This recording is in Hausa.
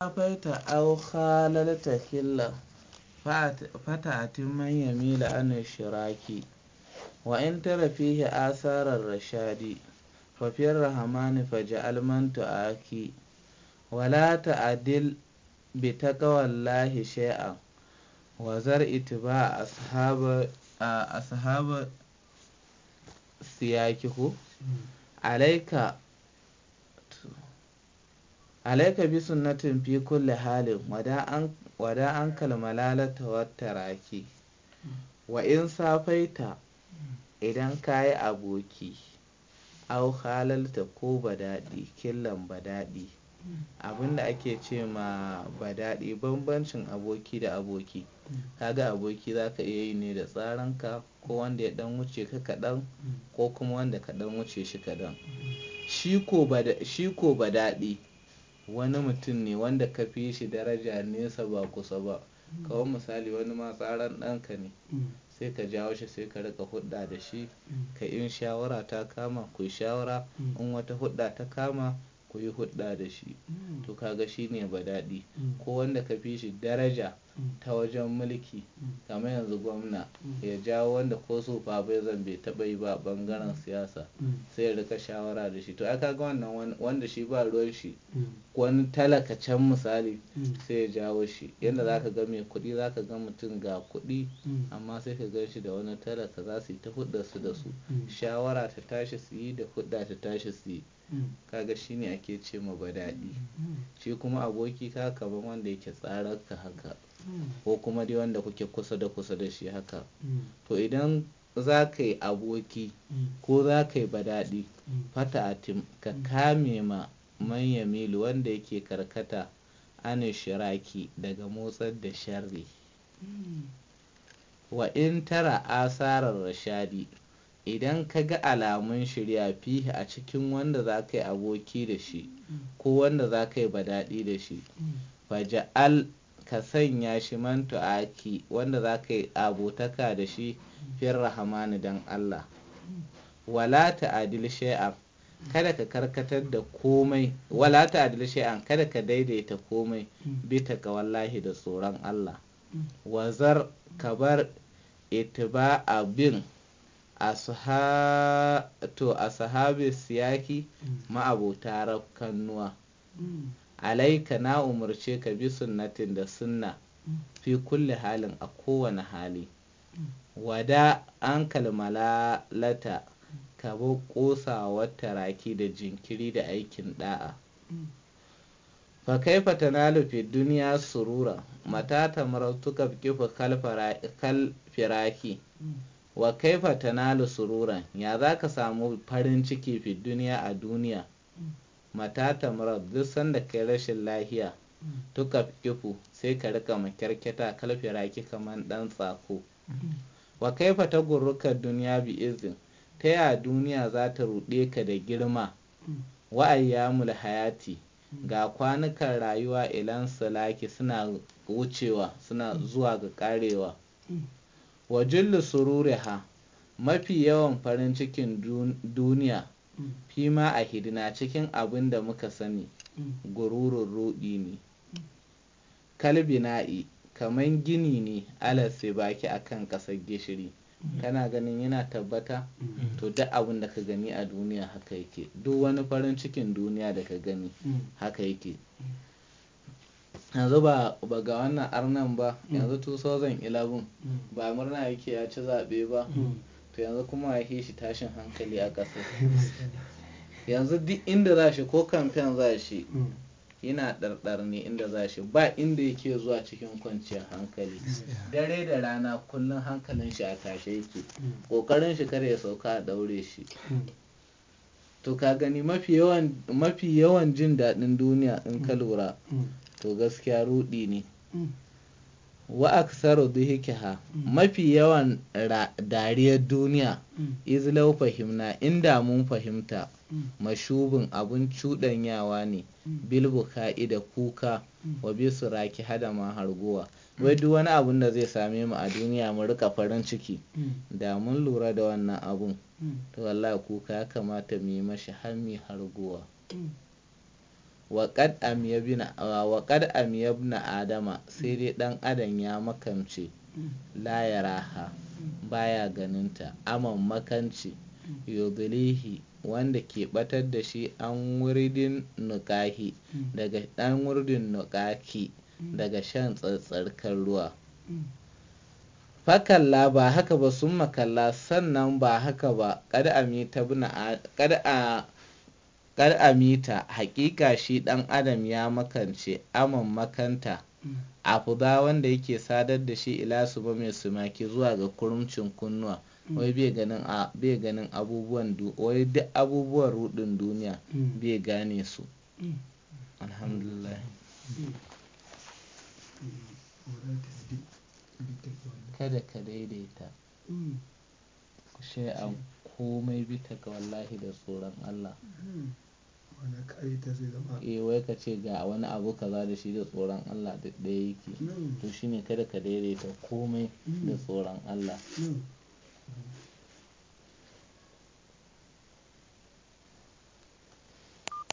baita au khalalta hilla fata'atin man yamila an shiraki wa in tara fihi asarar rashadi fa fi rahmani faj'al man tu'aki wa la ta'dil bi taqwallahi shay'an wa zar itiba ashab ashab siyaki ko hmm. alaika alaika bi sunnatin fi kulli halin wada an ta wata raki wa in safaita idan ka yi aboki au halalta ko badaɗi killan badaɗi abinda ake ce ma badaɗi bambancin aboki da aboki kaga aboki za ka iya yi ne da tsaranka ko wanda ya dan wuce ka kaɗan ko kuma wanda ka dan wuce shi kaɗan shi ko badaɗi wani mutum ne wanda ka fi shi daraja nesa ba kusa ba kawo misali wani ma tsaran ɗanka ne sai ka jawo shi sai ka rika hudda da shi ka in shawara ta kama ku shawara in wata hudda ta kama ku yi hudda da shi to kaga ne ba daɗi ko wanda ka fi shi daraja ta wajen mulki mm. kamar yanzu gwamna mm. ya jawo wanda ko sofa bai zan bai taɓa yi ba bangaren mm. siyasa sai ya rika shawara da shi to aka ga wannan wanda shi ba ruwan shi wani talakacen misali sai ya jawo shi yadda za ka ga mai kuɗi za ka ga mutum ga kuɗi amma sai ka gan shi da wani talaka za su yi ta hudda su da su shawara ta tashi su yi da hudda ta tashi su yi kaga shi ne ake ce ma ba daɗi shi kuma aboki ka kaman wanda yake tsarar ka haka ko kuma dai wanda kuke kusa da kusa da shi haka mm. to idan za ka yi aboki mm. ko za ka yi badaɗi mm. fata atim ka kame ma manya milu wanda yake karkata ana shiraki daga motsar da sharri wa in tara asarar rashadi idan ka ga alamun shirya fihi a cikin wanda za ka yi aboki da shi ko wanda za ka yi badaɗi da shi faja'al ka sanya shi man tu'aki wanda za ka yi abotaka da shi fiyar rahamani don Allah wala adil shay'an kada ka karkatar da komai wala adil shay'an kada ka daidaita komai ga wallahi da tsoron Allah wazar ka bar itiba abin a sahabi siyaki ma'abota nuwa. alaika na umarce ka bi sunnatin da sunna fi kulli halin a kowane hali wada an kalmalalata ka bi wata raki da jinkiri da aikin da'a fa kaifa tanalu fi duniya surura mata tamartuka kifa kal firaki wa kaifa tanalu sururan ya za ka samu farin ciki fi duniya a duniya matata murad duk sanda kai rashin lahiya tuka kifu sai ka rika makyarketa kalfe raki kaman dan tsako wa kaifa ta gurruka duniya bi izin ta ya duniya za ta ruɗe ka da girma wa ayyamul hayati ga kwanukan rayuwa ilan salaki suna wucewa suna zuwa ga karewa wa jullu sururiha mafi yawan farin cikin duniya fima a hidina cikin abin da muka sani gururin ruɗi ne kalbina'i kamar gini ne alasai baki akan kan ƙasar gishiri kana ganin yana tabbata to duk abin da ka gani a duniya haka yake duk wani farin cikin duniya da ka gani haka yake yanzu ba ga wannan arnan ba yanzu 2011 ba murna yake ya ci zaɓe ba to yanzu kuma a shi tashin hankali a ƙasa yanzu duk inda za shi ko kamfen za shi mm. yana ɗarɗar ne inda za shi ba inda yake zuwa cikin kwanciyar hankali dare da rana kullum hankalin shi a tashe yake mm. ƙoƙarin shi kare ya sauka a ɗaure shi mm. to ka gani mafi yawan jin daɗin duniya in ka lura to gaskiya ruɗi ne wa aktharu mm. mafi yawan dariyar duniya mm. izlau fahimna inda mun fahimta mm. mashubin abun yawa ne bilbuka da kuka wa bisu raki hada ma harguwa wai duk wani abun da zai same mu a duniya mu rika farin ciki da mun lura da wannan abun to wallahi kuka ya kamata mu yi mashi har harguwa Wa kad am yabna adama sai dai ɗan adam ya makamce la ya baya ganinta aman makanci yudlihi wanda ke batar da shi an wuridin nukahi daga ɗan wuridin nukaki daga shan tsatsarkar ruwa fakalla ba haka ba sun makalla sannan ba haka ba am kada a kar amita hakika shi ɗan adam ya makance aman makanta mm. a fuba wanda yake sadar da shi ila su ba mai sumaki zuwa ga kurumcin kunnuwa mm. wai bai ganin abubuwan wai duk abubuwan rudin duniya mm. bai gane su alhamdulillah kada ka daidaita ku an komai bita ga wallahi da tsoron allah eh wai ka ce ga wani abu kaza da shi da tsoron Allah duk ɗaya yake hmm. to shine kada ka daidaita komai da hmm. tsoron Allah hmm.